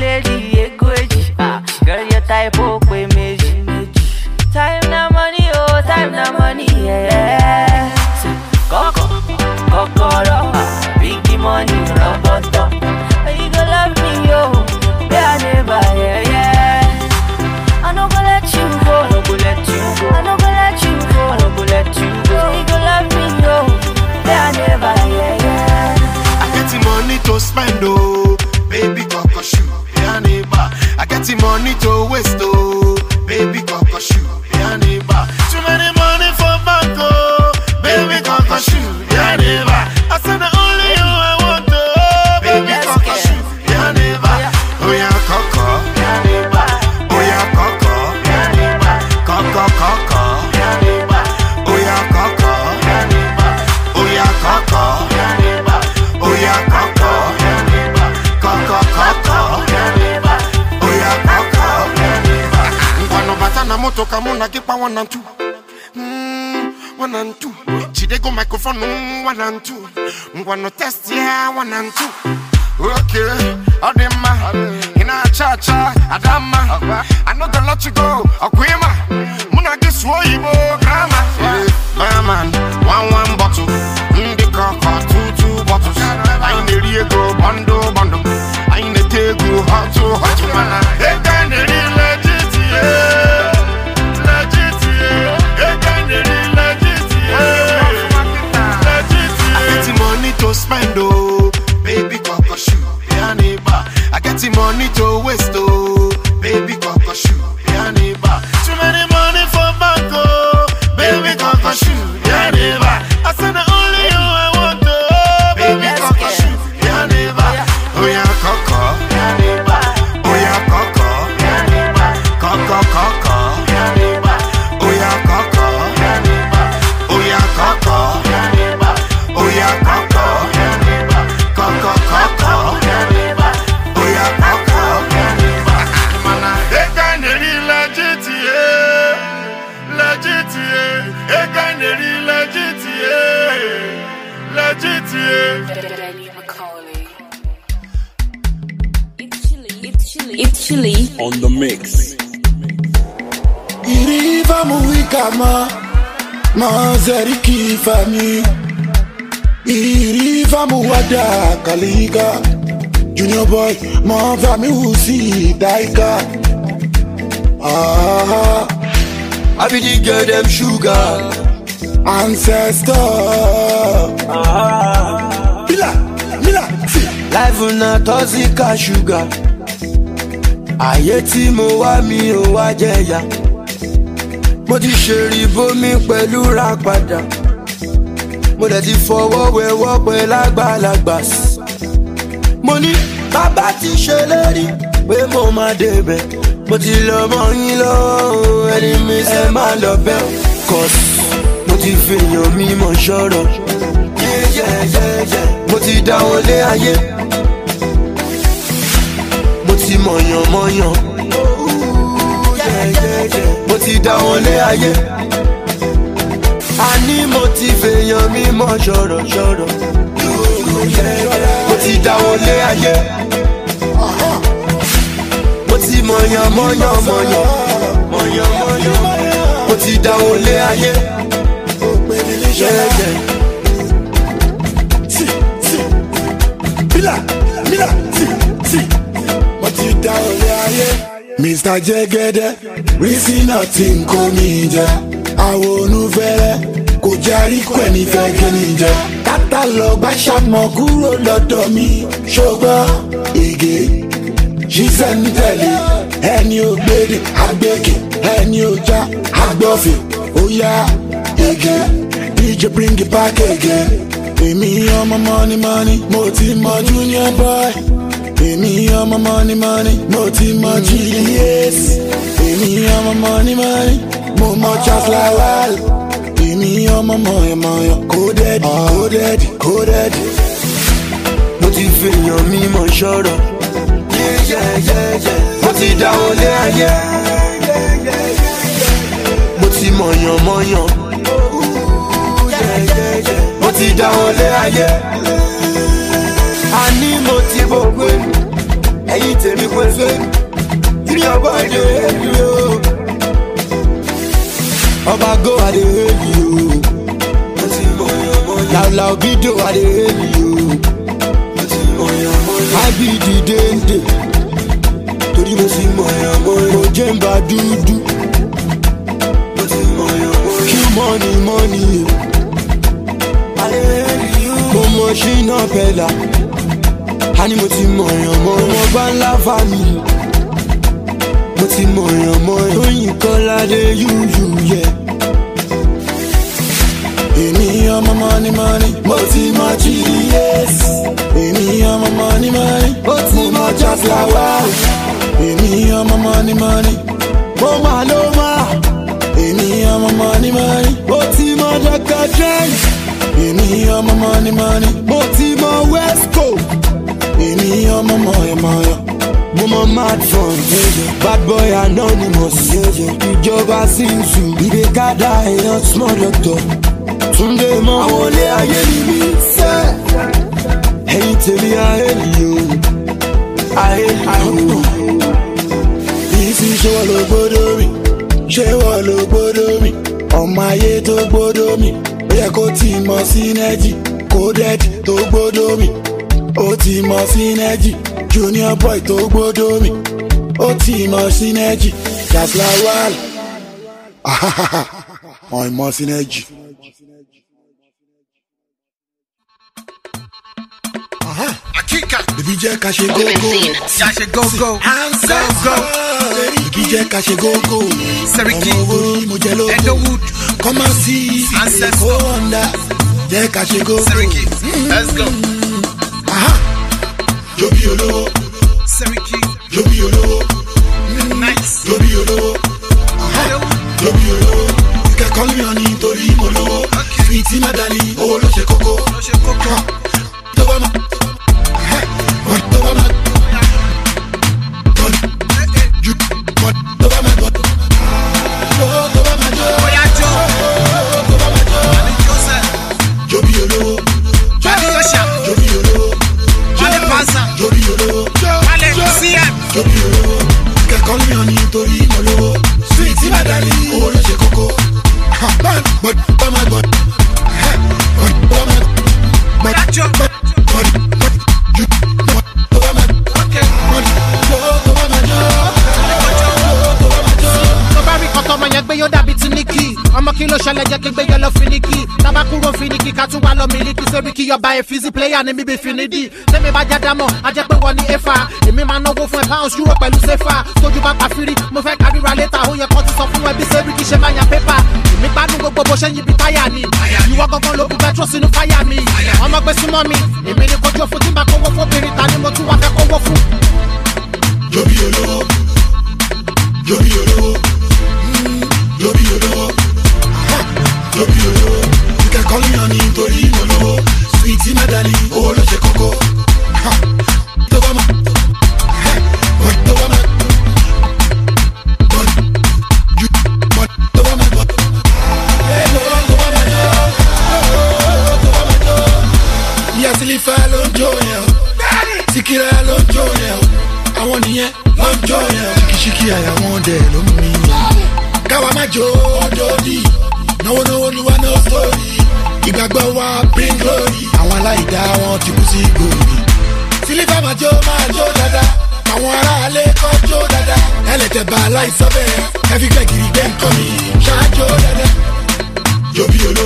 lady, a good ah. Girl, your type, oh. one and two. I'm to test, yeah, one and two. Okay, I did Famiu see Daika. Ah, I be the girl them sugar ancestor. Ah, Mila, Mila, see. Life na toxic as sugar. Ayé tí mo wá mi ò wá jẹyà. Mo ti ṣe ribomi pẹ̀lú ra padà. Mo dẹ̀ ti fọwọ́ wẹ̀wọ́ pẹ̀lágbàlagbà. Mo ní bàbá ti ṣèlérí pé mo máa débẹ̀ mo ti lọ mọ yín lọ́wọ́ ẹni mi ṣe máa lọ bẹ́ ọ kọ́sì mo ti fèèyàn mi mọ̀ ṣọ́rọ̀ mo ti dáwọ́ lé ayé mo ti mọ̀yàn mọ̀yàn mo ti dáwọ́ lé ayé àní mo ti fèèyàn mi mọ̀ ṣọ́rọ̀ ṣọ́rọ̀ ti da olé ayé mo ti mọ̀yàn mọ̀yàn mọ̀yàn mọ̀yàn mọ̀yàn mo ti dá olé ayé yẹ́yẹ́. Mila, Mila, ti, ti, mo ti dá olé ayé. Mr. Jẹ́gẹ́dẹ́, rísí náà ti ń kó mi jẹ. Àwọn onúfẹ́rẹ́ kò jarí pẹ̀ nífẹ̀ẹ́ kí ni jẹ tá lọ bá ṣàmọ̀ kúrò lọ́dọ̀ mi ṣùgbọ́n ìgè ṣiṣẹ́ ń tẹ̀lé ẹni ò gbèrè àgbèkè ẹni ò já àgbọ̀fẹ̀ ó yá DJ bring it back again èmi ọmọ mọ́ni mọ́ni mo ti mọ junior boy èmi ọmọ mọ́ni mọ́ni mo ti mọ Julius èmi ọmọ mọ́ni mọ́ni mo mọ Charles Lawal èmi ọmọ mọ̀ ẹ̀ mọ̀ ẹ̀ kódẹ́dì kódẹ́dì kódẹ́dì. mo ti fèèyàn mi mọ̀ ṣọ́rọ̀. mo ti dáwọ́ lé ayé. mo ti mọ̀yàn mọ̀yàn. mo ti dáwọ́ lé ayé. àní mo ti bọ̀ pé ẹ̀yin tèmi pé pé ìrìn ọgbọ́n ìdè èlú yóò ọba go i dey hail you o laola obido i dey hail you o ibd dende torí mo ti mọ̀ ẹ́ mọ́ ẹ́ mo jẹ́ ń bá dúdú kí mọ́ni mọ́ni e. mo mọ ṣínà pẹ̀lá a ní mo ti mọ̀ ẹ́ mọ́ ẹ́ mo gbá ńlá family mo ti mọ̀ ẹ́ mọ́ ẹ́ lóyìn kọ́ládé yúyú yẹ. Yeah èmi ọmọ mọ́ni mọ́ni mo ti mọ gds èmi ọmọ mọ́ni mọ́ni mo ti mọ jaslawa èmi ọmọ mọ́ni mọ́ni mo mà ló mà èmi ọmọ mọ́ni mọ́ni mo ti mọ dr dren èmi ọmọ mọ́ni mọ́ni mo ti mọ wesco èmi ọmọ mọ̀yọ̀mọ̀yọ̀ mo mọ mad fun bad boy anonymous ìjọba sinzu ìdè kádà èèyàn small doctor. Túndé mọ́ wọlé ayé mi sẹ́ ẹ̀yin tèmi ahẹ́lì o ahẹ́lì o kìí sì ṣe wọ́n ló gbódò mi ṣé wọ́n ló gbódò mi ọmọ ayé tó gbódò mi ó yẹ kó ti mọ sínẹ́jì kódẹ́ẹ̀dì tó gbódò mi ó ti mọ sínẹ́jì junior boy tó gbódò mi ó ti mọ sínẹ́jì jàpá wàhálà ọ̀ìmọ̀ sínẹ́jì. Baby jẹ́ ká ṣe go. Ká ṣe gógó. Hansa go. Baby jẹ́ ká ṣe gógó. Seriki. Ọmọ owó mo jẹ lóko. Edowood. Kọ́má sí Èkó Honda. Jẹ́ ká ṣe gógó. Seriki. Mm-hmm. Let's go. Jobi olówó. Seriki. Jobi olówó. Nice. Jobi olówó. Jobi olówó. You can call me on nítorí mo lówó. Sweet Madali, owó ló ṣe kókó. Tó bá mọ̀. kékègbè yọ lọ finiki tábà kúrò finiki ká lọ miliki sórí kí yọba ẹ fizi player ni mi bí finidi tẹ́mi bá jáde mọ́ ajẹ́ pé efa èmi máa náwó fún ẹ pounds euro pẹ̀lú sefa tójú bá pàfírí mo fẹ́ kárìíra létà ó yẹ kó ti sọ fún ẹ bí sẹ́rí kì í ṣe máa yan pépà èmi gbádùn gbogbo bó ṣe yin bí táyà ni ìwọ gangan ló kú pẹtrọ sínú fáyà mi ọmọ gbé súnmọ́ mi èmi ni kojú òfin tí màá kówó fóbìnrin ta ni mo tún wá fẹ́ kówó fún. Yo vi olor, yo vi olor, yo vi olor tóbi olówó. You can call me honey nítorí mo lówó. Sweetie madani owó ló ṣe kókó. the balance of it. Every guy give them coming. Shut your dada. Yo, be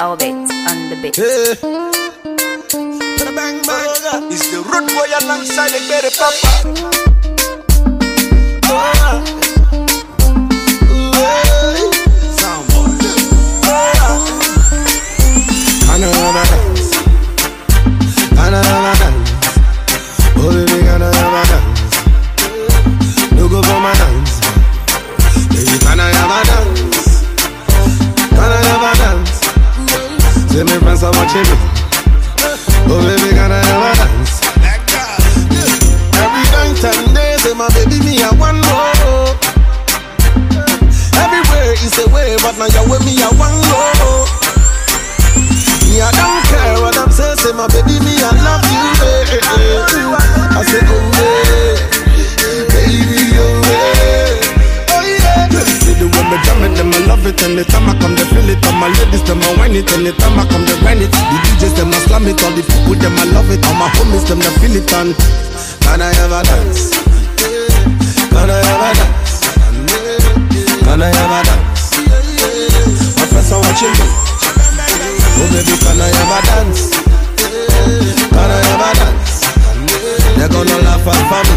Albert on the beat. Yeah. Bang, bang. It's the root boy alongside the baby papa. my homies, them the feel it on. Can I ever dance? Can I ever dance? Can I ever dance? My friends are watching me. Oh baby, can I ever dance? Can I ever dance? They're gonna laugh at me.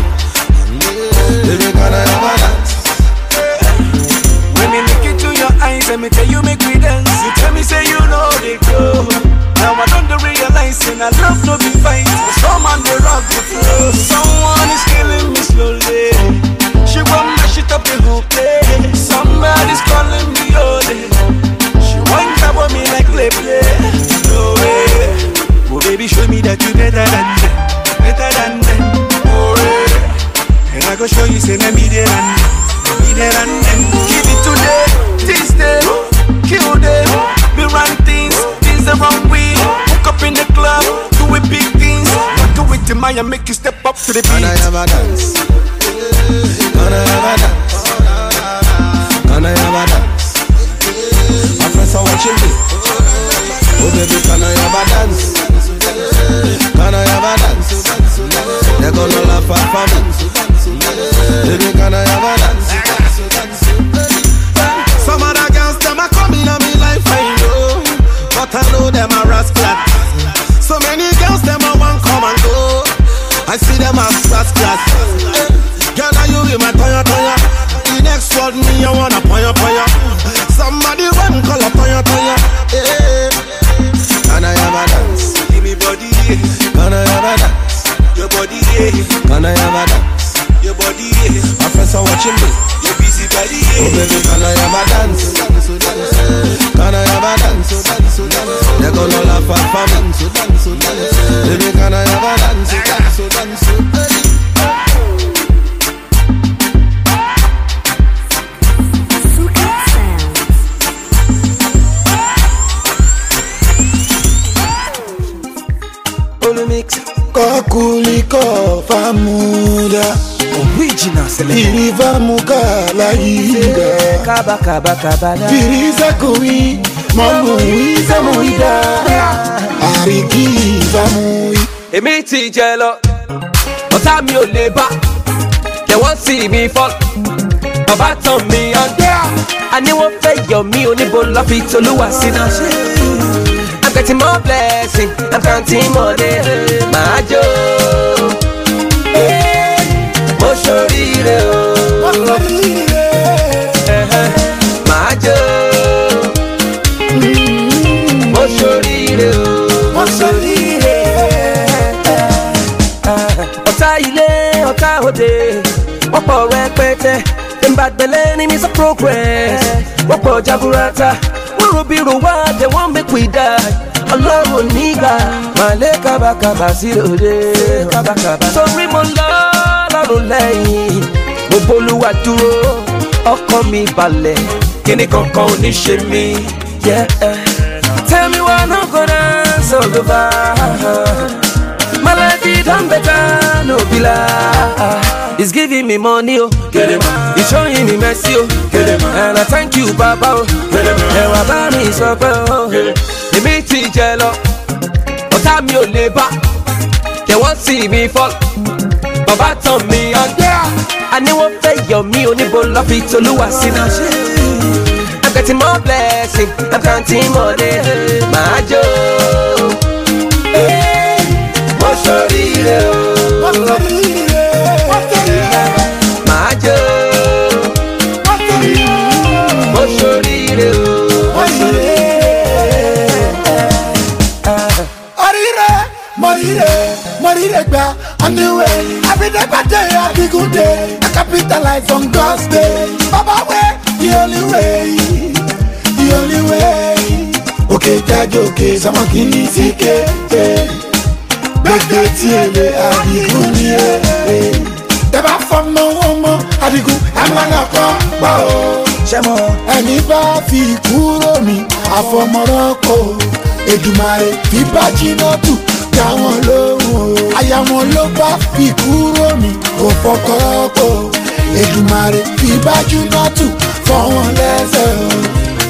Baby, can I ever dance? When me look into your eyes, let me tell you make me dance. You tell me say you know the code. Now I don't realize and I love no be fight. Some on the rock the flow. Someone is killing me slowly. She want not mash it up the whole play. Somebody's calling me all day. She won't cover me like play play. No way. Oh baby, show me that you better than them, better than them. Oh yeah. And I go show you say me better than me Better than them. Give it to today. rhythm I make you step up to the beat. And I have a dance. Can I have a dance. Can I have a dance. My friends are watching me. Oh baby, can I have a dance? Can I have a dance? They're gonna laugh at me. Baby, can I have a dance? Some other girls, them are coming on me like I know, but I know them. I see them as first class. Girl, now you in my tire, tire. The next word me, I wanna fire, fire. Somebody run, call a fire, fire. Yeah. And I have a dance. Give me body, Can I have a dance? Your body, Can I have a dance? Your body, My friends are watching me. Your busy body, Oh baby, can I have a dance? Can I have a dance? Turn all off and for dance, dance, dance Baby, can I have a dance, kuliko famuda original selection ilivamuka lainga mọ̀mùíza mùídà àríkì ìfàmùí. èmi ti jẹ lọ ọ̀tá mi ò lè bá lẹ́wọ́n sì mi fọ́ bàbá tán mi ọ̀gá àníwọ̀n fẹ́ yọ mí oníbo lọ́fi tolúwa síná. I'm getting more blessing, I'm counting money, máa jó. mo ṣoríire. pẹ̀lẹ́ enemies of progress wọ́n pọ̀ jaburata wọ́n robiru wá they wan make we die ọlọ́run nígbà máa lé kábàkàbà sí òde kábàkàbà. torí mo lọ lọ́rùn lẹ́yìn mo bolúwa dúró ọkàn mi balẹ̀ kíní kankan ò ní ṣe mí. tell me why no go dance all over my life e don better no Is giving me money, oh. He's showing me mercy, oh. And I thank you, Baba, oh. Ẹwà bá mi sọ pé, oh. Èmi ti jẹ lọ, ọ̀tá mi ò lè bá. They won't see me fall. Bàbá tàn mí ọ̀gá. A ní wọ́n fẹ́ yọ mí oníbo lọ́fi tolúwa sí náà. I'm getting more blessing, I'm counting money, màá jó. Mo rẹ̀ o. Oh. dey gba anyway every day by day i be good day i capitalize on god's day baba way the only way the only way. òkè jáde òkè sọmọ kì í ní síkè gbẹgbẹ tí èlé àdìgún ni èlé. tẹ bá fọmọ ọmọ àdìgún ẹ máa ń kọ pa o sẹ́mọ̀. ẹni bá fi kúrò mi àfọmọ́rán kò Èdùmàrè fi bá jiná tù dá wọn lóhùn o aya wọn ló bá ìkúrò mi kò fọkọ́ kó Èdùmàrè fi bájú nọ́tù fọ́ wọn lẹ́sẹ̀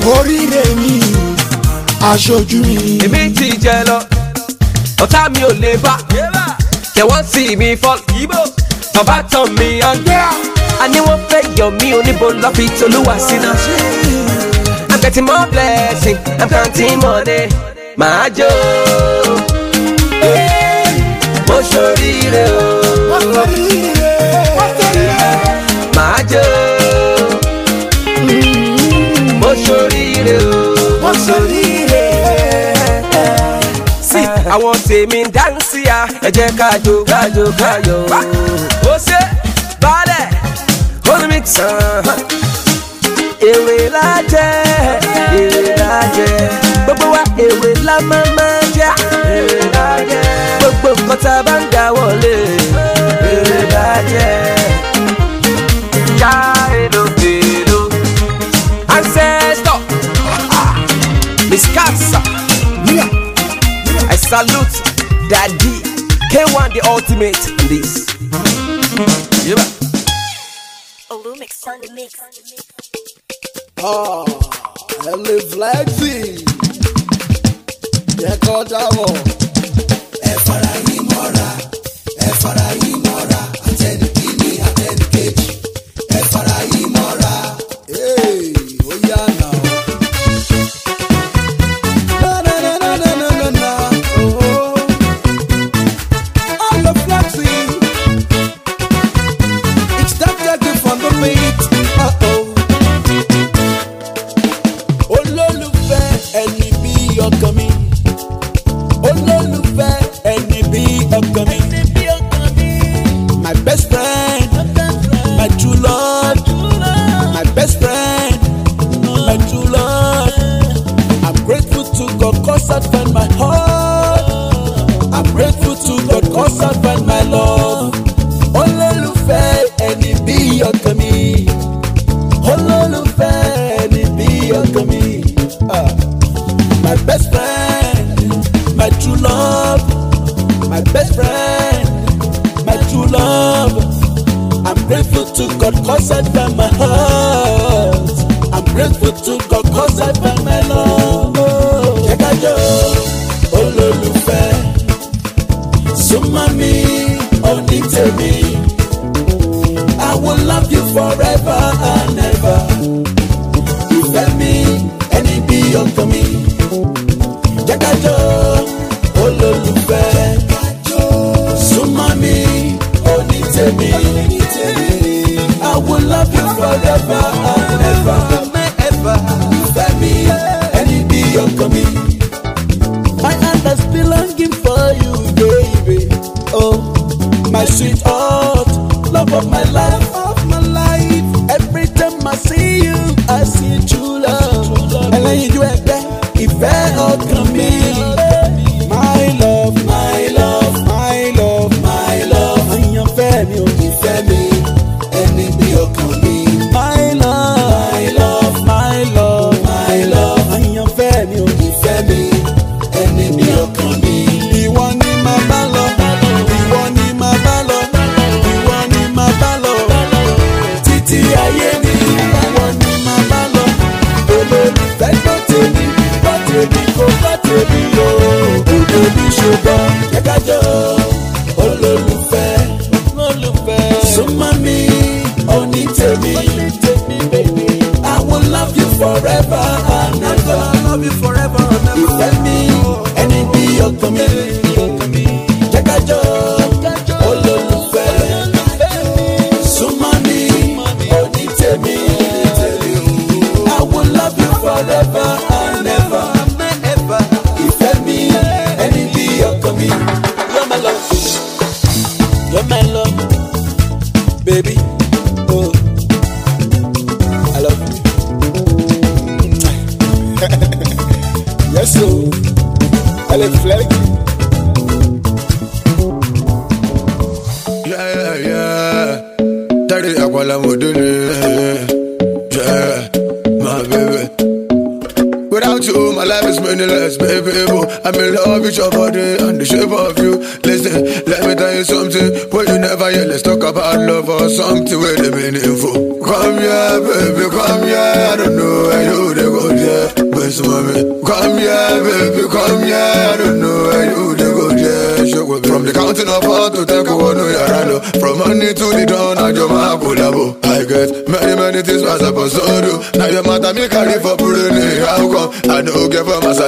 o oríire mi aṣojú mi. èmi ti jẹ lọ ọ̀tá mi ò lè bá tẹ̀wọ́n sí mi fọ́ bàbá tán mi ọ̀dẹ́ àní wọ́n fẹ́ yọ mí oníbo lọ́fi tolúwa síná. I'm getting more blessing, I'm counting money, màá jó ó ṣoríire o. màá jẹ́ o. ó ṣoríire o. ó ṣoríire. sí àwọn tèmi ń dánsì ya ẹ jẹ́ kájò kájò káyọ̀ o. ó ṣe balẹ̀ ó ní mi tàn la jẹ èrè la jẹ gbogbo wa èrè la máa máa jẹ èrè la jẹ gbogbo nǹkan tá a bá. Salute Daddy K1 the ultimate in this. Yeah. Olumix on the mix. Oh, ah, I live like this. Yẹ kọ́ dáwọ̀. Ẹ fara yín mọ́ra, ẹ fara yín mọ́ra,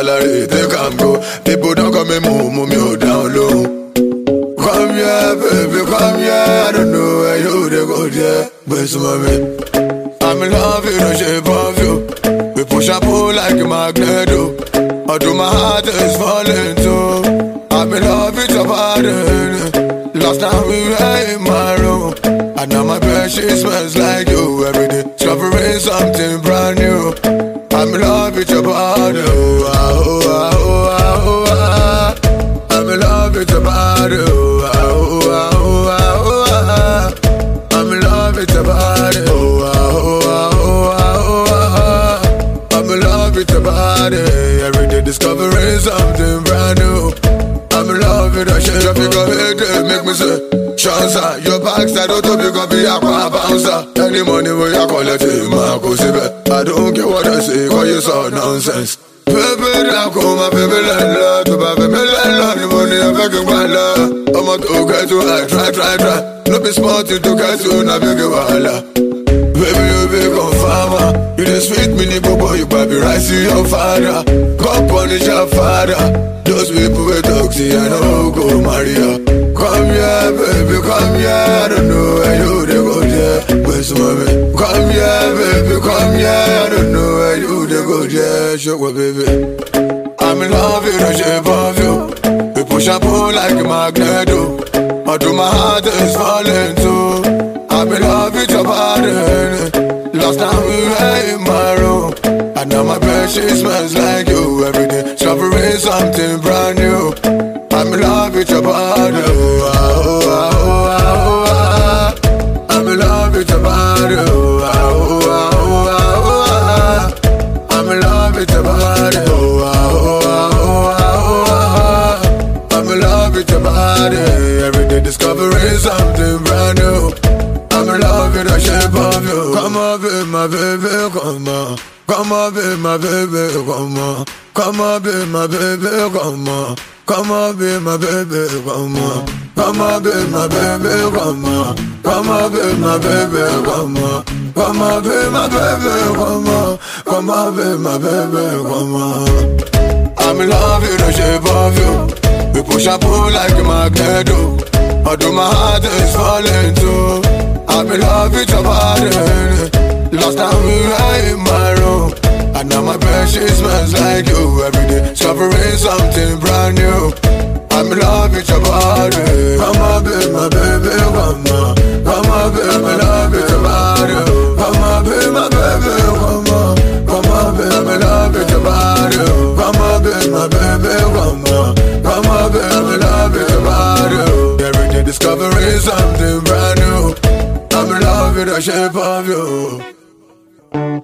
it. try, try, try, try. No be smart to get to na big wahala. Baby, you big on farmer. You the sweet mini bobo, you baby rise to your father. God punish your father. Those people we talk to, I know go marry her. Come here, baby, come here. I don't know where you they go there. Where's mommy? Come here, baby, come here. I don't know where you they go there. Show up, baby. I'm in love, you don't shape of you. We push and pull like a magnet, oh. Maar doe my heart is falling too. I been love with your body Last time we were in my room And now my bed she smells like you Every day suffering something brand new I'm in love with your body oh, oh, oh, oh, oh, I'm in love with your body oh, oh, oh, oh, I'm in love with your body oh, oh, oh, oh, I'm in love with your body Discovering something brand new. I'm in love with the shape of you. Come on, be my baby, come on. Come on, be my baby, come on. Come on, be my baby, come on. Come on, be my baby, come on. Come on, be my baby, come on. Come on, be my baby, come on. Come on, be my baby, come on. Come on, be my baby, come on. I'm in love with the shape of you. We push and pull like a magnet. Although my heart is falling too I've been loving your pardon Last time we were in my room And now my bed she smells like you Every day discovering something brand new I'm in love with your body Come on, baby, my baby, come on Come on, baby, Discovering something brand new. I'm in love with the shape of you.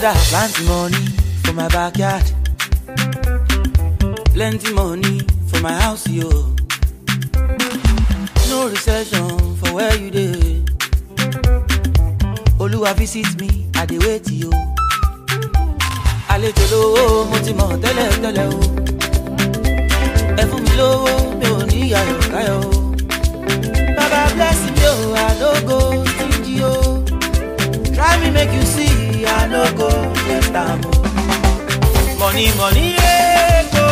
Father, plenty money for my backyard. Plenty money for my house, yo. No recession for where you dey. Oluwa visit me, I dey wait yo. Àlejò lówó mo ti mọ̀ tẹ́lẹ̀ tẹ́lẹ̀ o. Ẹ fún mi lówó mi ò ní ìyàrá káyọ̀ o. Baba bless me o, I no go stingy o. Try me make you see. I no go get am o. Money money ego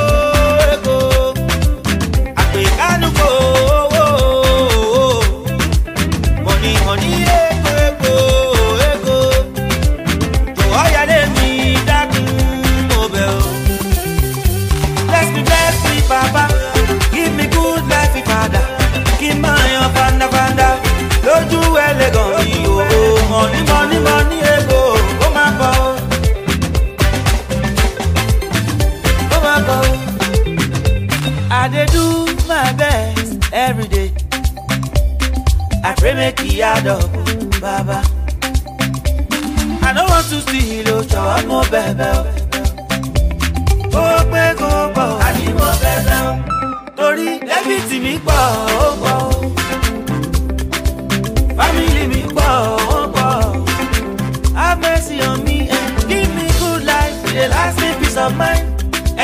ego, I àpèkánu kò. make e add up baba. I don't want to see you jọ̀wọ́ mo bẹ̀bẹ̀ o. ó pé kó bọ̀ àbí mo bẹ̀bẹ̀ o. torí me oh, mi pọ̀ ó pọ̀ o. fámìlì mi pọ̀ have mercy on me and give me good life with last lasting peace of mind.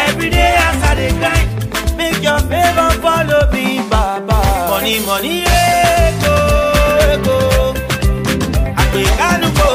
every day I start dey grind make your favour follow me baba. money money yeah. kálukó.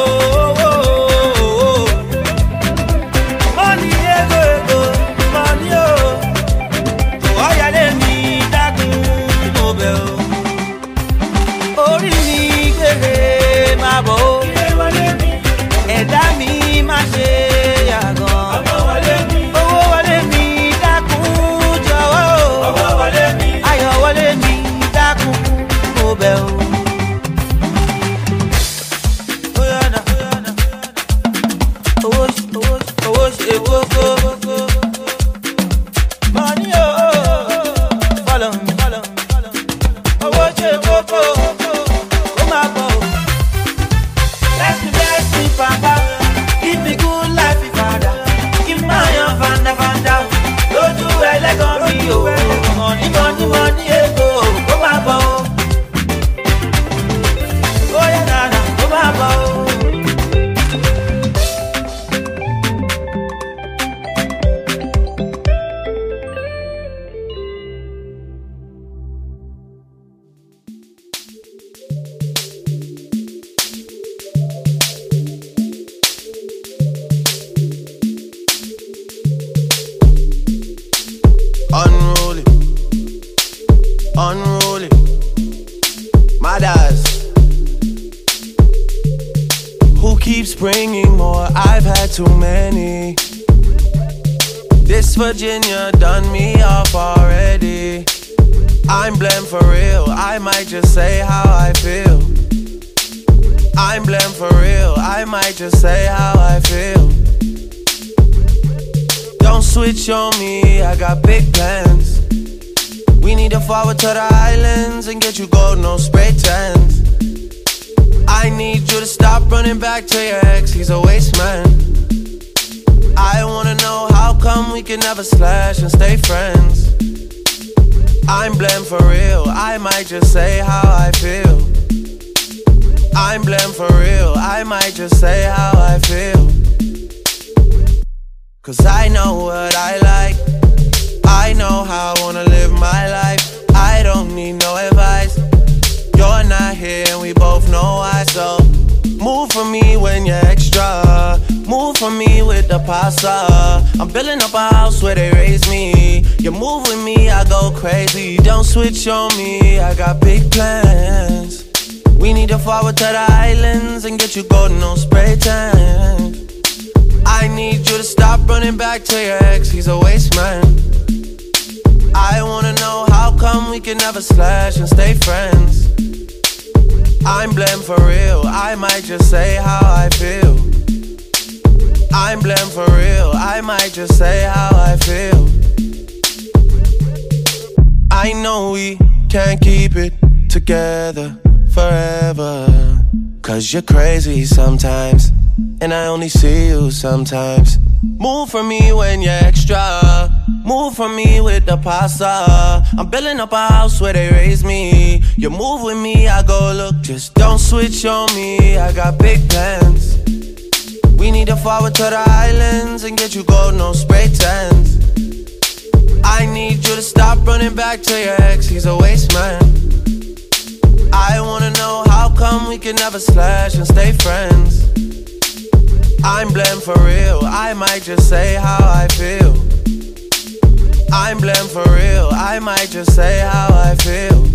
Virginia done me off already. I'm blamed for real, I might just say how I feel. I'm blamed for real, I might just say how I feel. Don't switch on me, I got big plans. We need to forward to the islands and get you gold, no spray tans. I need you to stop running back to your ex, he's a waste man. I wanna know how come we can never slash and stay friends. I'm blamed for real, I might just say how I feel. I'm blamed for real, I might just say how I feel. Cause I know what I like, I know how I wanna live my life. I don't need no advice. You're not here, and we both know why, so move for me when you're extra move for me with the pasta. I'm building up a house where they raise me. You move with me, I go crazy. Don't switch on me, I got big plans. We need to forward to the islands and get you golden on spray tan. I need you to stop running back to your ex, he's a waste man. I wanna know how come we can never slash and stay friends. I'm blamed for real, I might just say how I feel. I'm blamed for real. I might just say how I feel. I know we can't keep it together forever. Cause you're crazy sometimes, and I only see you sometimes. Move from me when you're extra. Move from me with the pasta. I'm building up a house where they raise me. You move with me, I go look. Just don't switch on me. I got big plans. We need to forward to the islands and get you gold, no spray tents. I need you to stop running back to your ex, he's a waste man. I wanna know how come we can never slash and stay friends. I'm blamed for real, I might just say how I feel. I'm blamed for real, I might just say how I feel.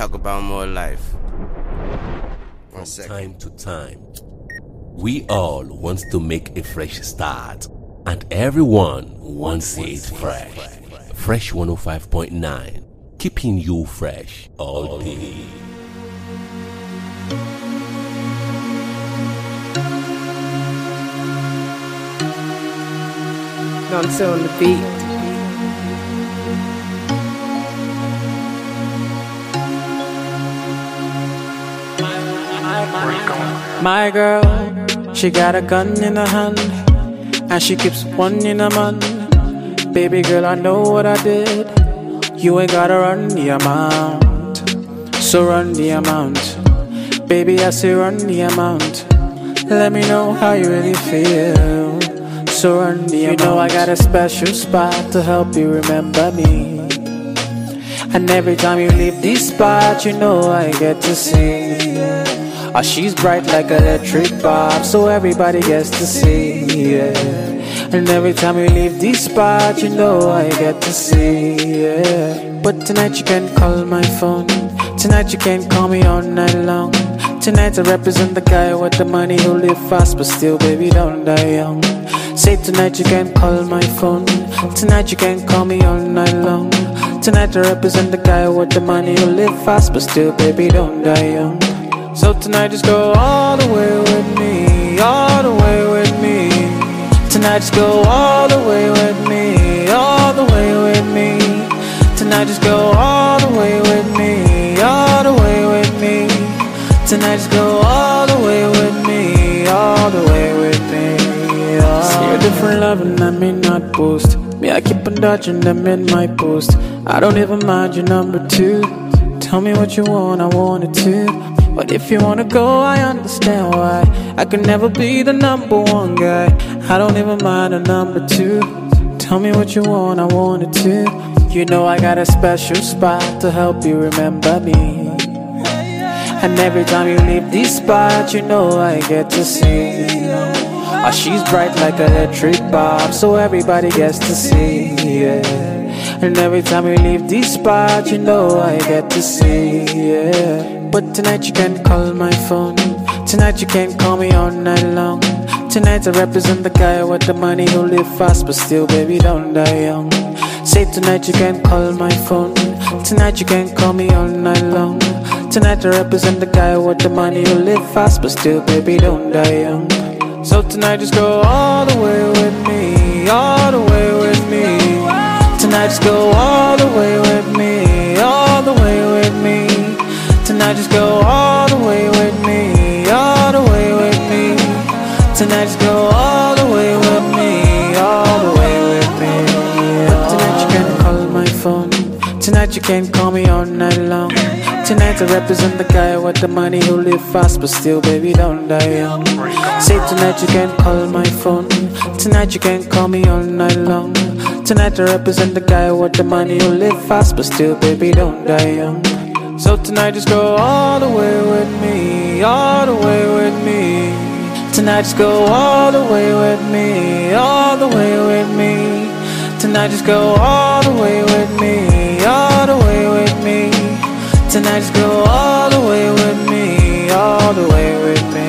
talk about more life. One From second. time to time, we all want to make a fresh start, and everyone wants it fresh. Fresh 105.9, keeping you fresh all day. Not the beat. My girl, she got a gun in her hand, and she keeps one in her man. Baby girl, I know what I did. You ain't gotta run the amount, so run the amount. Baby, I say run the amount. Let me know how you really feel. So run the amount. You know I got a special spot to help you remember me. And every time you leave this spot, you know I get to sing. Oh, she's bright like electric bob, so everybody gets to see. Yeah. And every time we leave this spot, you know I get to see. Yeah. But tonight you can call my phone. Tonight you can call me all night long. Tonight I represent the guy with the money who live fast but still, baby, don't die young. Say tonight you can call my phone. Tonight you can call me all night long. Tonight I represent the guy with the money who live fast but still, baby, don't die young. So tonight just go all the way with me, all the way with me. Tonight just go all the way with me, all the way with me. Tonight just go all the way with me, all the way with me. Tonight just go all the way with me, all the way with me. See a different love and I may not boost. Me, I keep on dodging them in my post. I don't even mind your number two. Tell me what you want, I want it too. But if you wanna go, I understand why. I could never be the number one guy. I don't even mind a number two. Tell me what you want, I want it too. You know I got a special spot to help you remember me. And every time you leave this spot, you know I get to see. Oh, she's bright like a electric bulb, so everybody gets to see. Yeah. And every time you leave this spot, you know I get to see. Yeah. But tonight you can call my phone. Tonight you can call me all night long. Tonight I represent the guy with the money who live fast but still, baby, don't die young. Say tonight you can call my phone. Tonight you can call me all night long. Tonight I represent the guy with the money who live fast but still, baby, don't die young. So tonight just go all the way with me, all the way with me. Tonight just go all the way with me. Tonight just go all the way with me, all the way with me. Tonight just go all the way with me, all the way with me. tonight you can call my phone. Tonight you can call me all night long. Tonight I represent the guy with the money who live fast but still baby don't die young. Say tonight you can call my phone. Tonight you can call me all night long. Tonight I represent the guy with the money who live fast but still baby don't die young. So tonight just go all the way with me, all the way with me. Tonight just go all the way with me, all the way with me. Tonight just go all the way with me, all the way with me. Tonight just go all the way with me, all the way with me.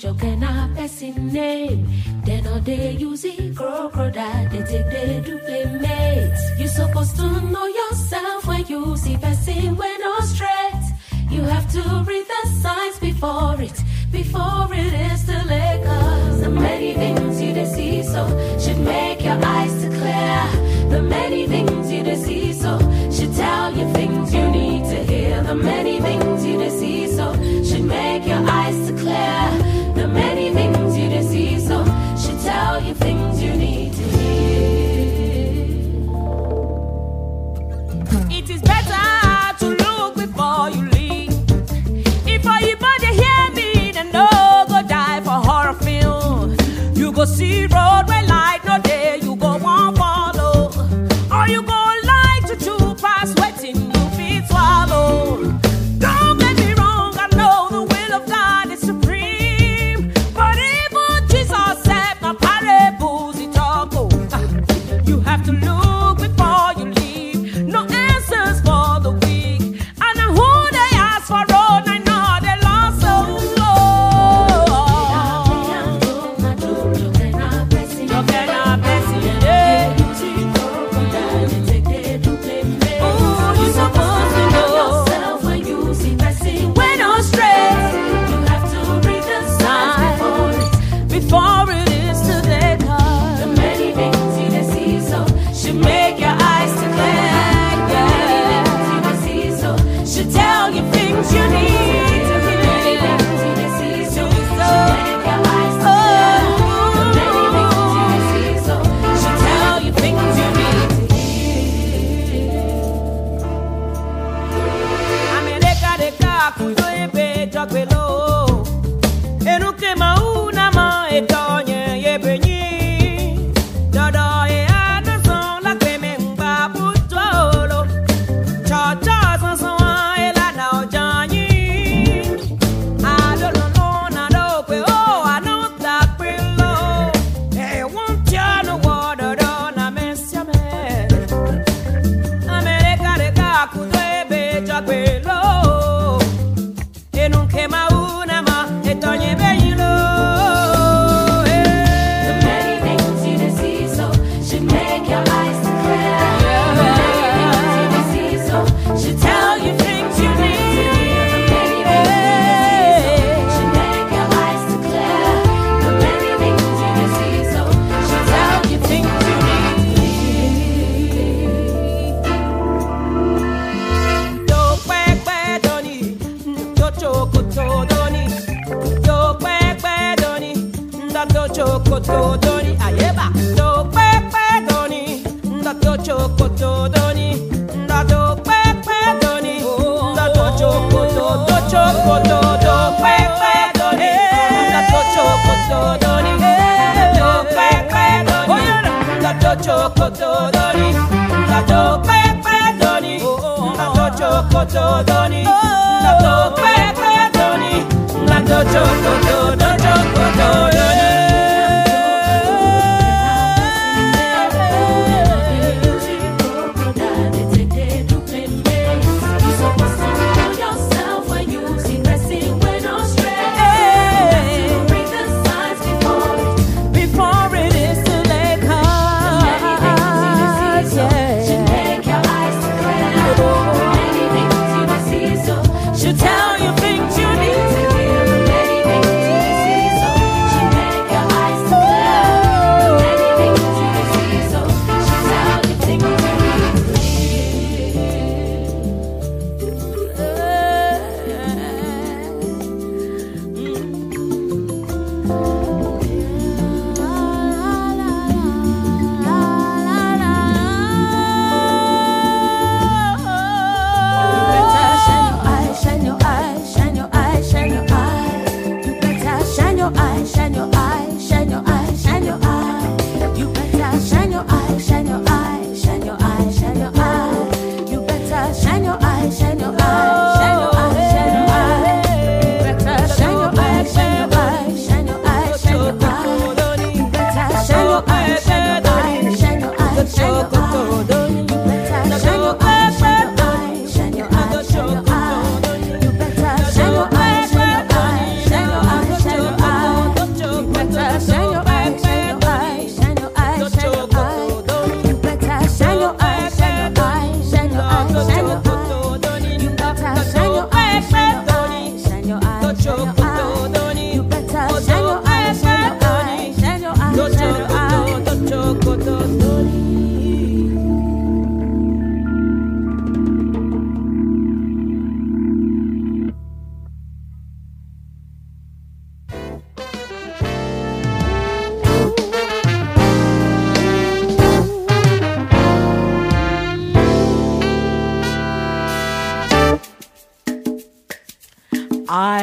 Jokena person name. Then all they use it crocodile. They take they duplicates. You supposed to know yourself when you see person when no straight. You have to read the signs before it, before it is too late. the many things you see so should make your eyes to clear. The many things you see so should tell you things you need to hear. The many things you see so should make your eyes to clear. go see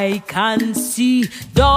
I can see the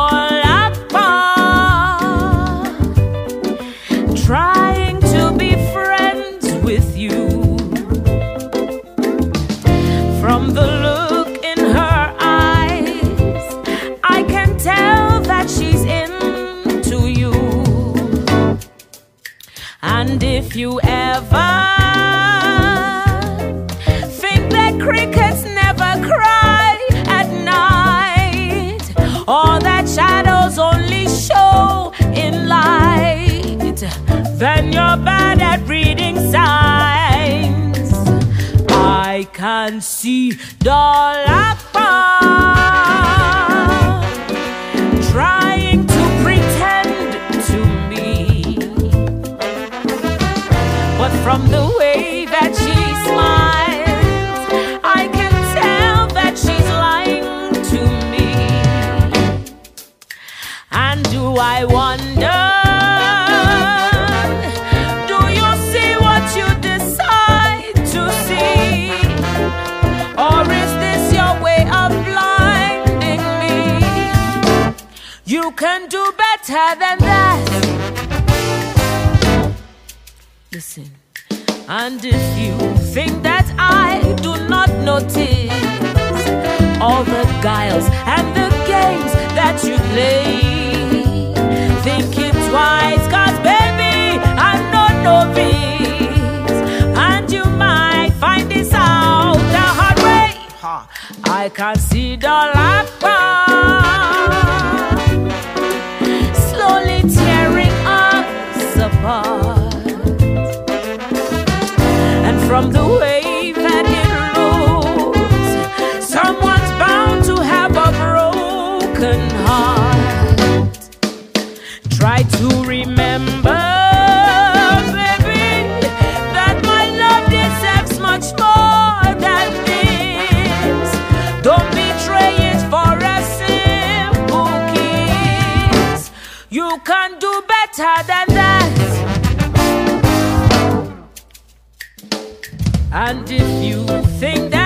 danser dans la Trying to pretend to me, but from the better than that. Listen, and if you think that I do not notice all the guiles and the games that you play, think it twice, cause baby, I'm not novice, and you might find this out the hard way. I can see the light. from the wave that it rolls. Someone's bound to have a broken heart. Try to remember. Baby, that my love deserves much more than this. Don't betray it for a simple kiss. You can do better And if you think that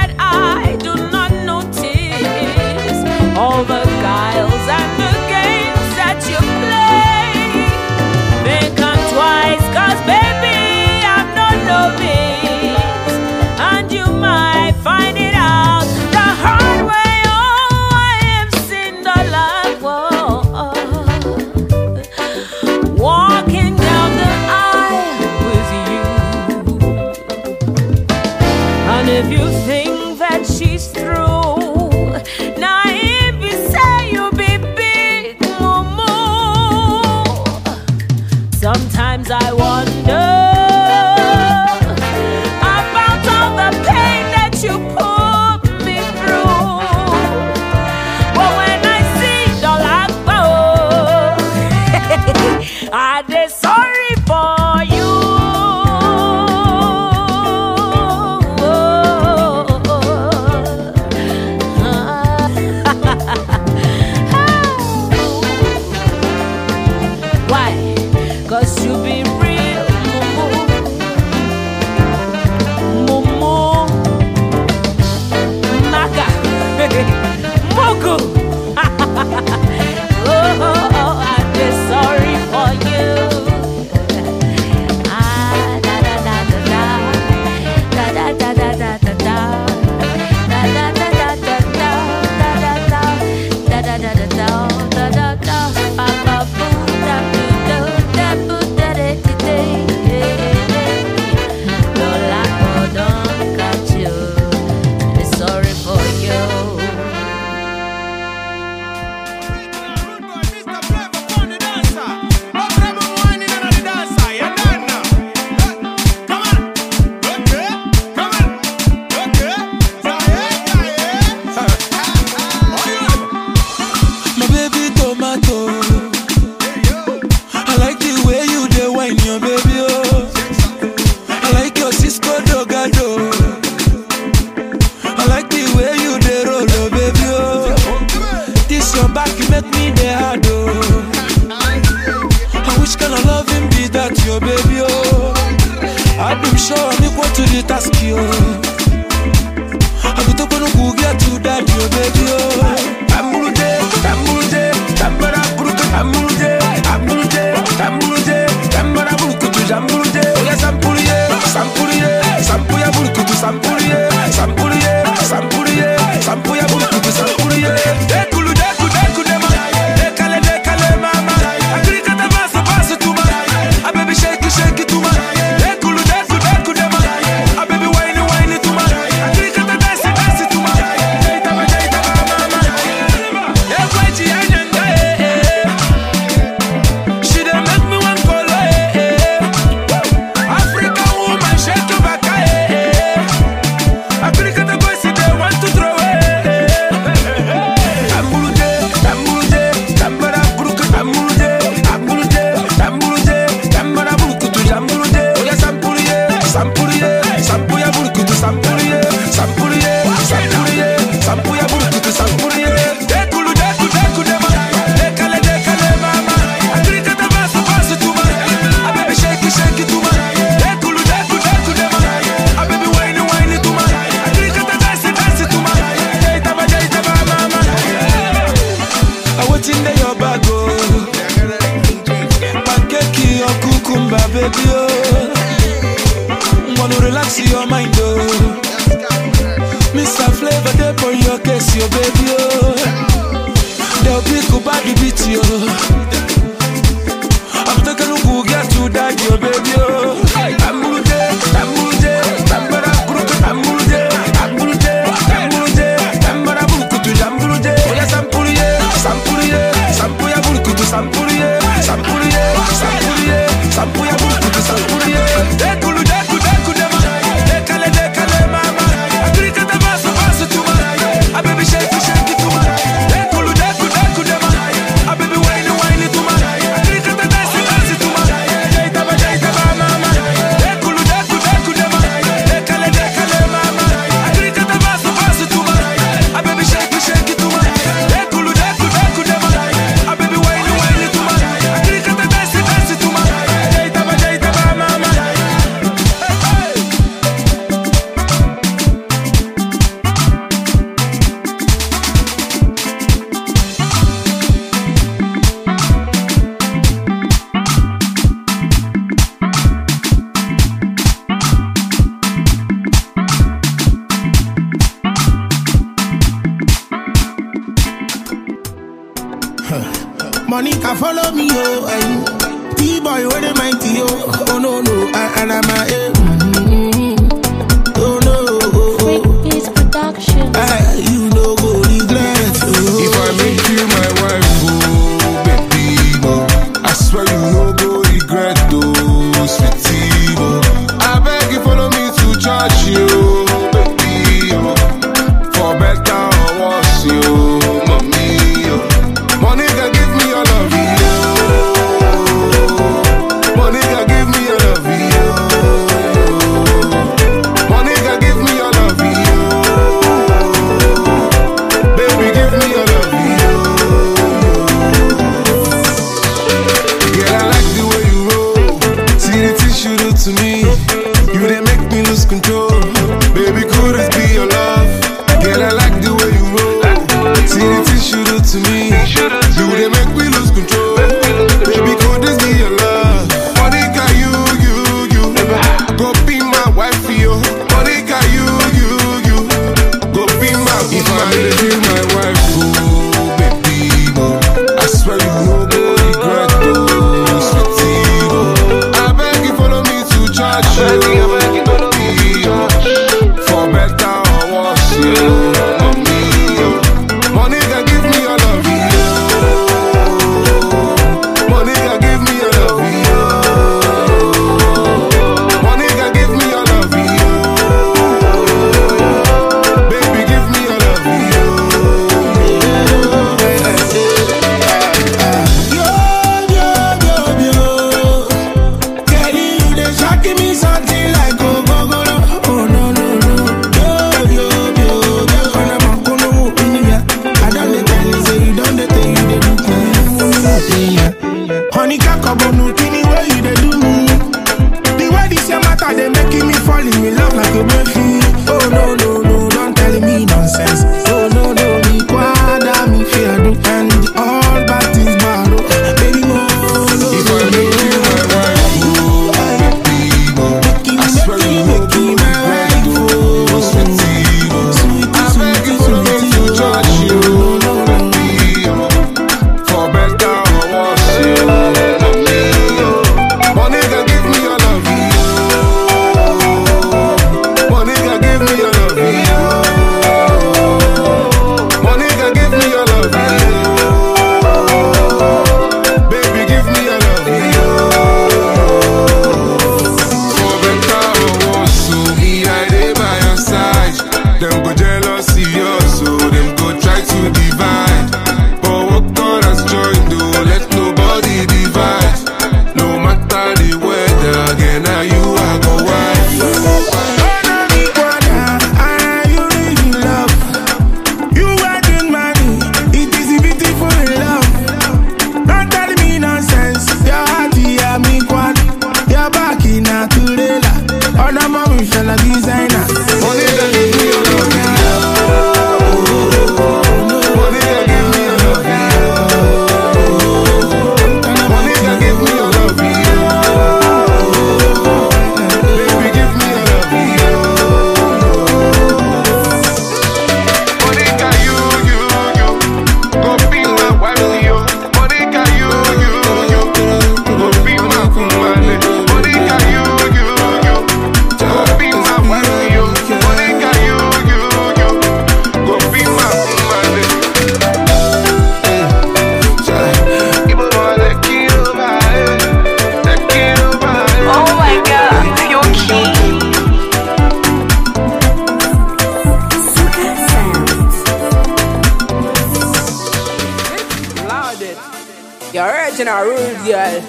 in a rude girl.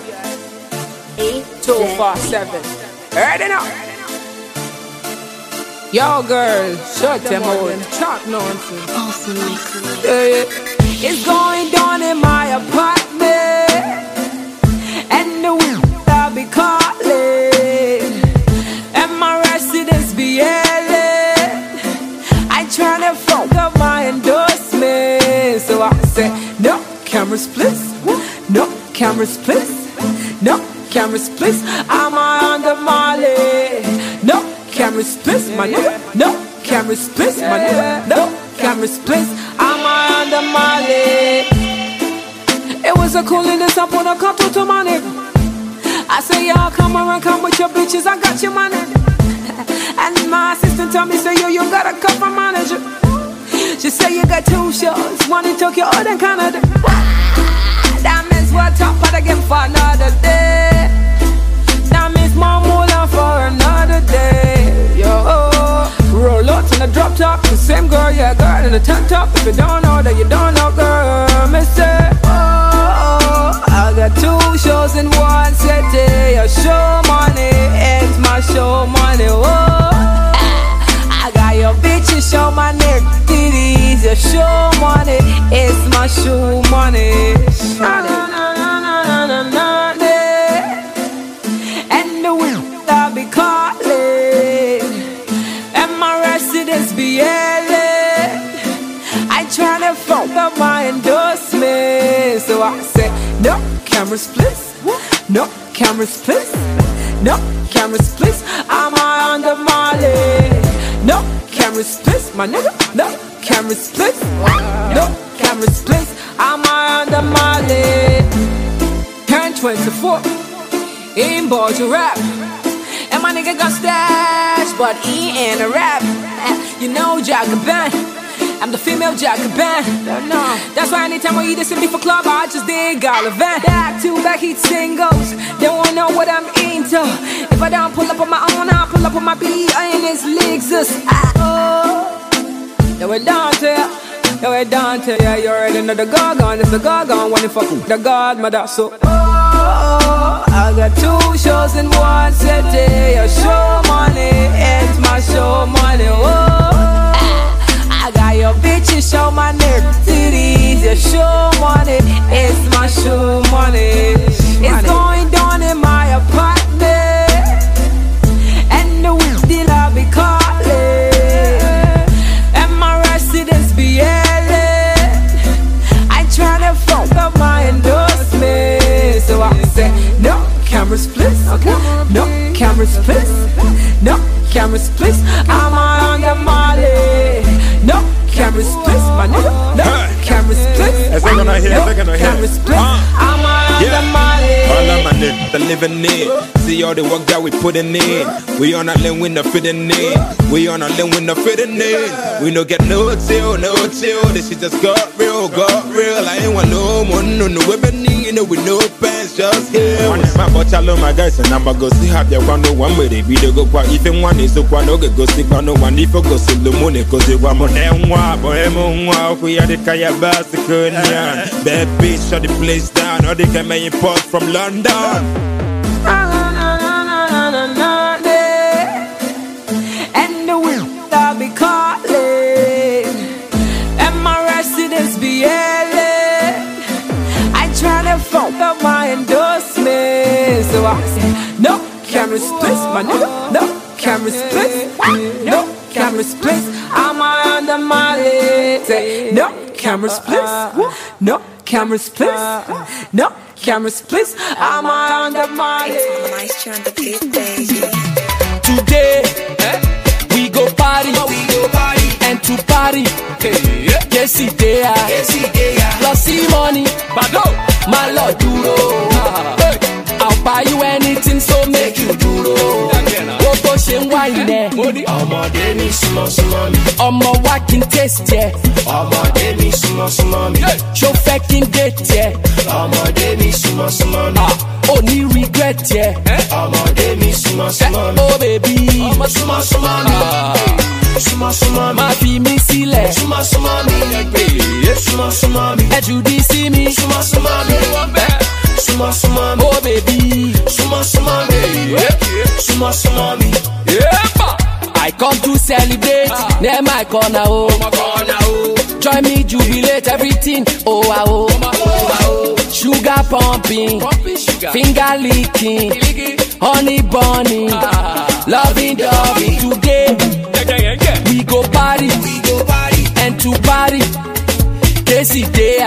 Eight, two, four, seven. Heard it you Yo, girl, shut them out. Talk nonsense. yeah. It's going down in my apartment. And the wind I'll be calling. And my residence be yelling. I tryna fuck up my endorsement. So I said, no camera splits. No cameras, please. No cameras, please. I'm on the Molly. No cameras, please, my nigga. No cameras, please, my nigga. No cameras, please. I'm on the Molly. It was a cool in the sun when I come to my nigga. I say, y'all come around, come with your bitches. I got your money. and my assistant told me, say, yo, you got a my manager. She say you got two shows, one in Tokyo, other in Canada. That were top of the game for another day. Now miss my moolah for another day. Yo, roll out in the drop top, the same girl, yeah, girl in the tank top. If you don't know that you don't know, girl, mister. Oh, oh, I got two shows in one city. Your show money it's my show money. Oh, I got your bitches show my neck your show money. It's my show money. And the wind be calling. And my residence be yelling. I try fuck up my endorsement. So I said, no cameras, please. No cameras, please. No cameras, please. I'm high on the molly. No cameras, please, my nigga. No camera splits. No camera splits. I'm on the molly. 1024. In board to rap. And my nigga got stash, but he ain't a rap. You know Jacoban. I'm the female Jacoban. That's why anytime I eat this in for club, I just dig all of it. Back to back heat singles. They won't know what I'm into. If I don't pull up on my own, I'll pull up on my B. I ain't as legs. Ah, oh. Yeah, we dance here. Yeah, we dance here. Yeah, you already know the gargon. It's the gargon when you fuck with the godmother. So, oh, I got two shows in one city. A show. right here, look at her here. I'm all yeah. All of my niggas living it. See all the work that we putting in. We on a limb, we no fitting in. We on a limb, we no fitting in. We no get no chill, no chill. This shit just got real, got real. I ain't want no more, no, no weapon, you know, we no pain just here nwanne m akpọchala magaisi na gbagosi ha bịakwanụ ụwa m one if I go na the n'oge gosikwanụ ụwa n'ife gosilu mụ na-ekozikwa m na nwa bụ emu nwa okwu ya dịka the basikonian Bad bitch shut the place down they dịka emeghị import from London ah. endorse me. So oh, I said, no cameras, please, my nigga, no cameras, please, no cameras, please. I'm on the molly. Say, no cameras, please, no cameras, please, no cameras, please. I'm on the molly. Today, eh, we go party. We go party to party. Hey, yeah. Yes, he Yes, he Lost Lossy money. but Bado. My lord, duro. Ah. Hey. I'll buy you anything, so make you duro. Wo bó ṣe ń wá ilẹ̀. Ọmọdé ní súnmọ́súnmọ́ mi. Ọmọ wa kí n tẹ̀sí ẹ. Ọmọdé ní súnmọ́súnmọ́ mi. Ṣo fẹ́ kí n dé tiẹ̀? Ọmọdé ní súnmọ́súnmọ́ mi. O ah, ní regret yẹ. Ọmọdé ní súnmọ́súnmọ́ mi. Oh baby. Ọmọ súnmọ́súnmọ́ mi. Ah. Súnmọ́ súnmọ́ mi. Má fi mí sílẹ̀. Súnmọ́ súnmọ́ mi. Súnmọ́ súnmọ́ mi. Ẹ jùdí sí mi. Súnmọ́ súnmọ́ mi. Wọ́n bẹ̀. Súnmọ́ súnmọ́ mi. Ó bèbí. Súnmọ́ súnmọ́ mi. o yeah, yeah. I come to celebrate, ah. near my corner, oh. oh, my oh. Join me, jubilate, everything, oh, ah, oh. oh, my, oh, oh. Sugar pumping, sugar. finger licking, honey bunny, ah. loving dovey today party, we go party, and to party. Casey Dea,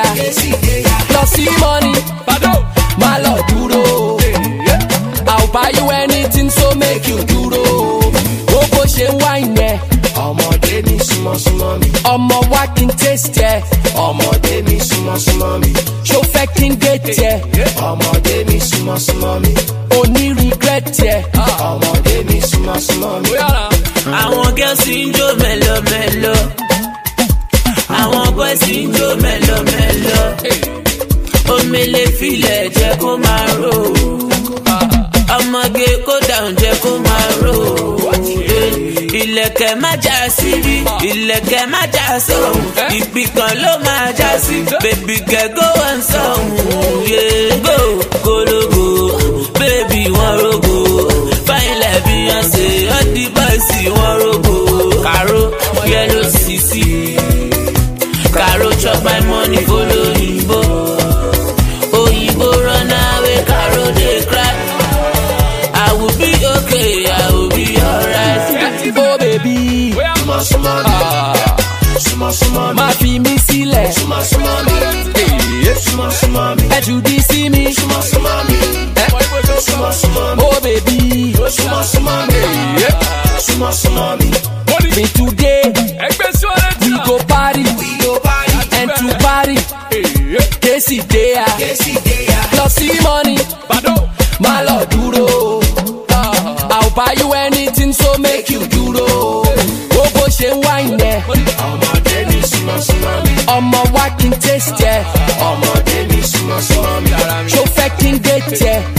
Lossy money, Bado, my lord Duro. I'll buy you anything, so make you Duro. Oh, go go she wine, yeah. Ọmọdé mi súnmọ́ súnmọ́ mi. Ọmọ wa kí n taste ẹ. Ọmọdé mi súnmọ́ súnmọ́ mi. Ṣo fẹ́ kí n dé tẹ? Ọmọdé mi súnmọ́ súnmọ́ mi. Oní regret ẹ. Ọmọdé mi súnmọ́ súnmọ́ mi. àwọn girls ń jó mẹ́lọmẹ́lọ àwọn boys ń jó mẹ́lọmẹ́lọ omele filẹ̀ jẹ́ kó máa rò ọmọge kó dàrún jẹ́ kó máa rò ilẹ̀kẹ̀ má já síbí ilẹ̀kẹ̀ má já sóhun ìpì kan ló máa já sí bèbí gẹ̀ go and sọ̀hún yé go go. tí wọ́n rògbò kàró yellow sisi kàró chop my money follow Oh, òyìnbó run away kàró they cry I will be okay I will be alright. Oh baby, má ah. fi mí sílẹ̀ ẹ̀jú dí sí mi. Oh baby. muscle money. Me today, we go party, we go party, and to party, Casey Dea, glossy money, bado, my lord duro. Ah. I'll buy you anything, so make you duro. Oh, Wo bó ṣe wáyìn yẹn. Ọmọdé mi súnmọ́ súnmọ́ mi. Ọmọ wa kí n taste yẹ. Ọmọdé mi súnmọ́ súnmọ́ mi. Ṣó fẹ́ kí n dé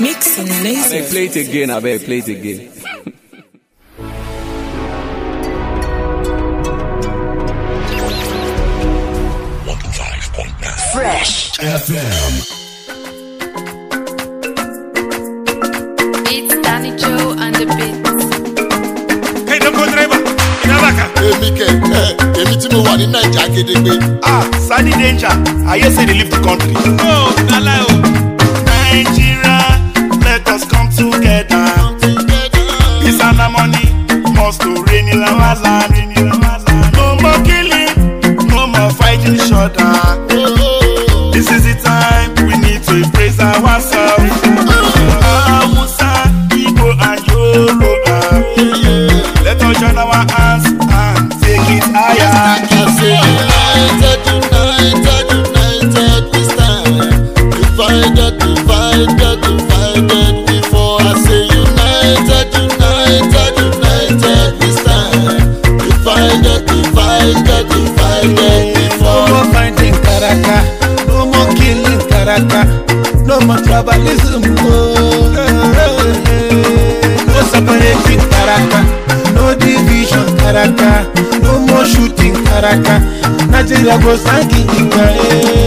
Mixing lazy. I beg, play it again. I beg, play it again. Fresh FM. It's Danny Joe and the Beats. Hey, don't go driver. èmi Mike. Hey, èmi tí mo wà ní naija gedegbe. ah Sunny danger I hear say they leave the country. Oh, na lie oh. us to reign in our land. No more killing, no more fighting each other. Mm-hmm. This is the time we need to embrace ourselves. tribalism o. No separation karaka, no division karaka, no more shooting karaka, Nigeria go stand gidigba.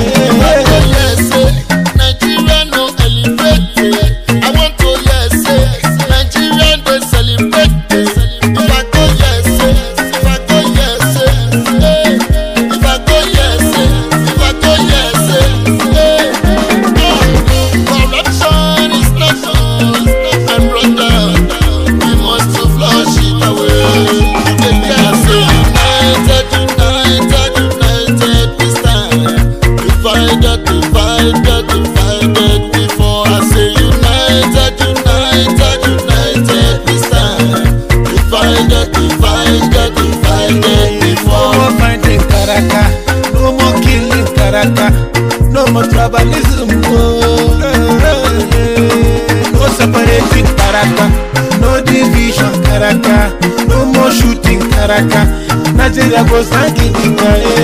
I go stand in the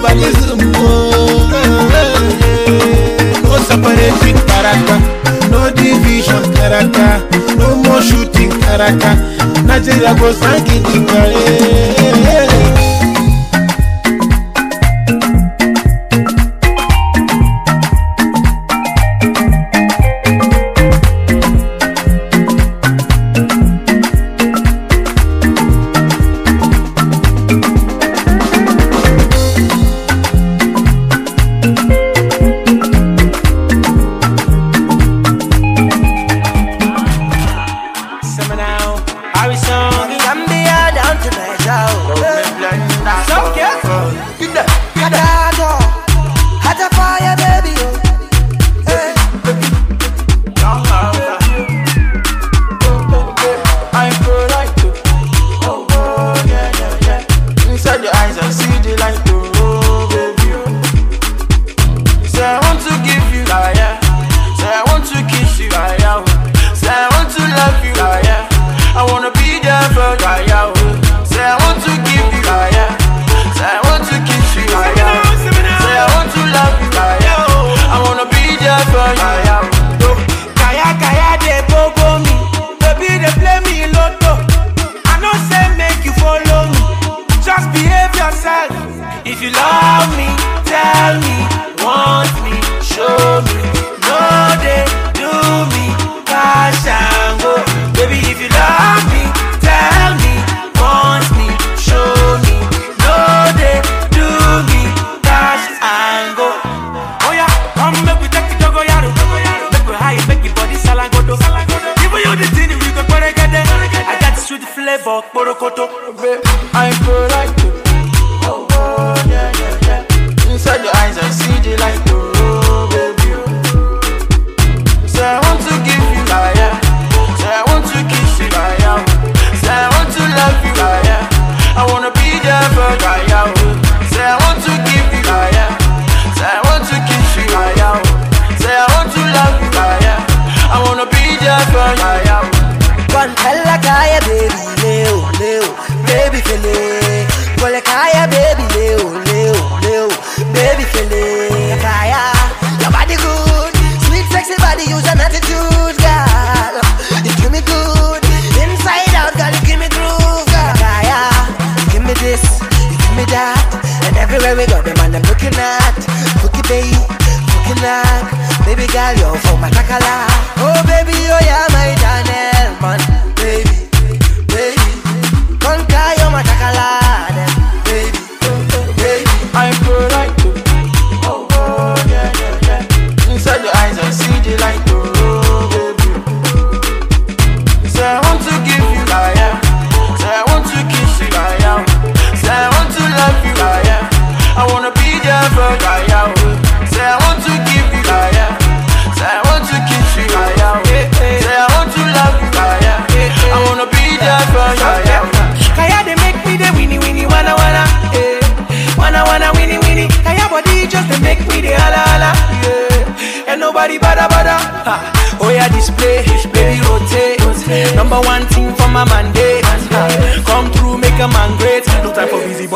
No separate character No division character No more shooting character Nigeria go stand gidigba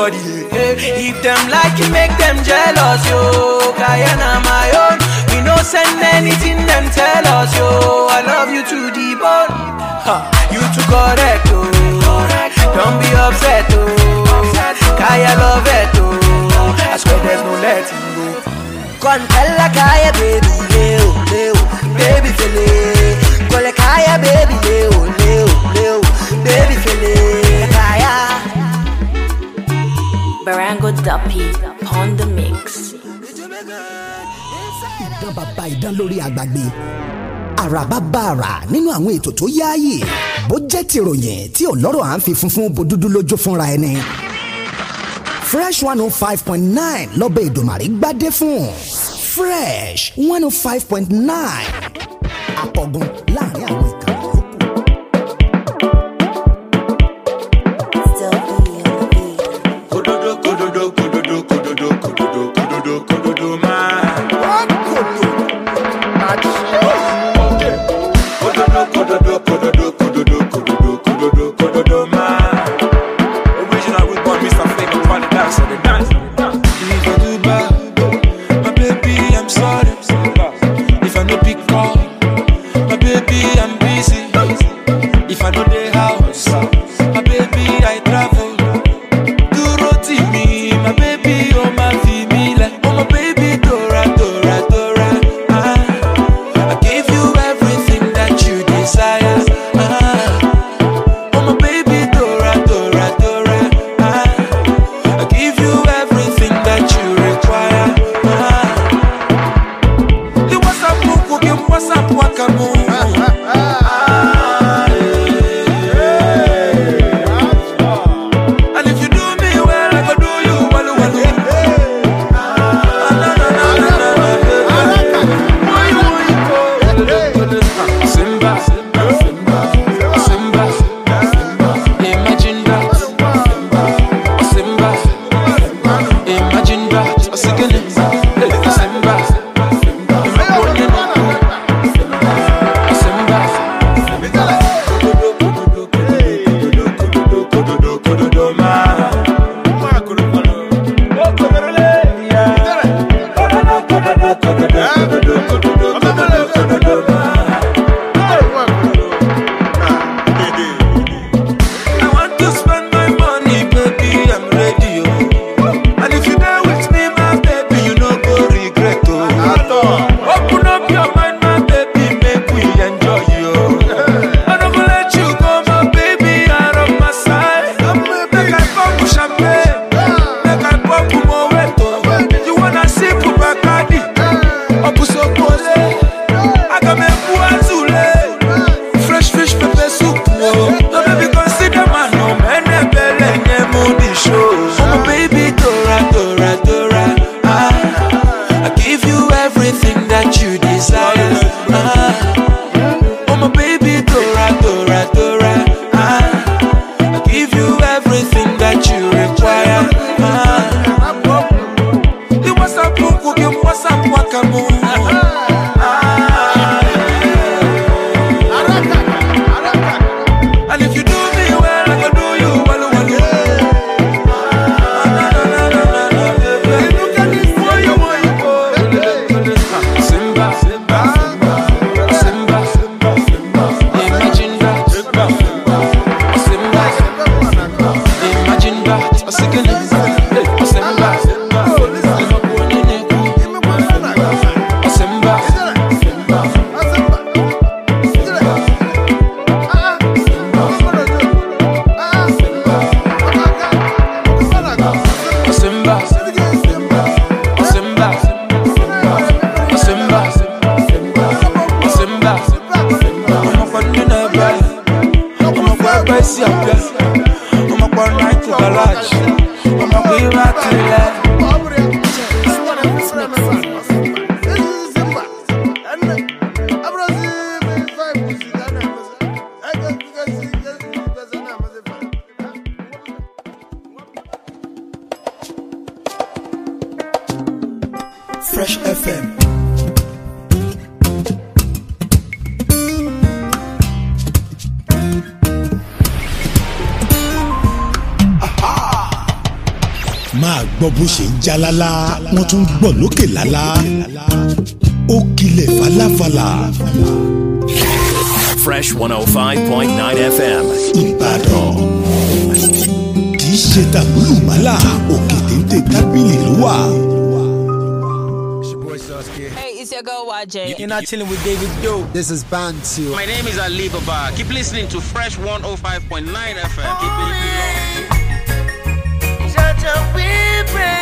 nobody. Yeah. If them like you, make them jealous, yo. Guyana my own. We no send anything, them tell us, yo. I love you to the bone. Huh. You too correct, oh. Don't be upset, oh. Kaya love it, oh. I swear there's no letting go. Go and tell Kaya, baby. Upon the mix. ìdán bàbá ìdán lórí àgbàgbé àràbá bàrà nínú àwọn ètò tó yáàyè bó jẹ́ tìròyìn tí ò lọ́rọ̀ à ń fi funfun bo dúdú lójú fúnra ẹni. fresh one oh five point nine lọ́bẹ̀ ìdòmàrí gbádé fún fresh one oh five point nine àkọ́gun láàrin àwọn. wọ́n tún gbọ́ lókè lálá ó kilẹ̀ falafala. Fresh one oh five point nine FM. Ìbàdàn kì í ṣe tàbúlùmọ́lá òkè téńté wà. your girl YJ. You're not chilling with David Doe. This is 2. My name is Ali Baba. Keep listening to Fresh 105.9 FM. Keep it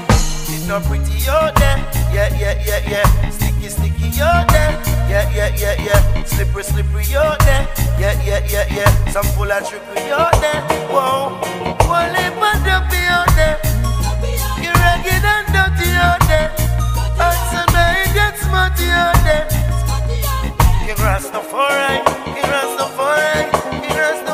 so pretty, you're there. Yeah, yeah, yeah, yeah. Sticky, sticky, you're there. Yeah, yeah, yeah, yeah. Slippery, slippery, you're there. Yeah, yeah, yeah, yeah. Some full and trickery, you're there. Whoa, one lip and dumpy, you're there. You're ragged and dirty, you're there. And tonight, get smutty, you're there. You're Rastafari, you're Rastafari, you're Rastafari.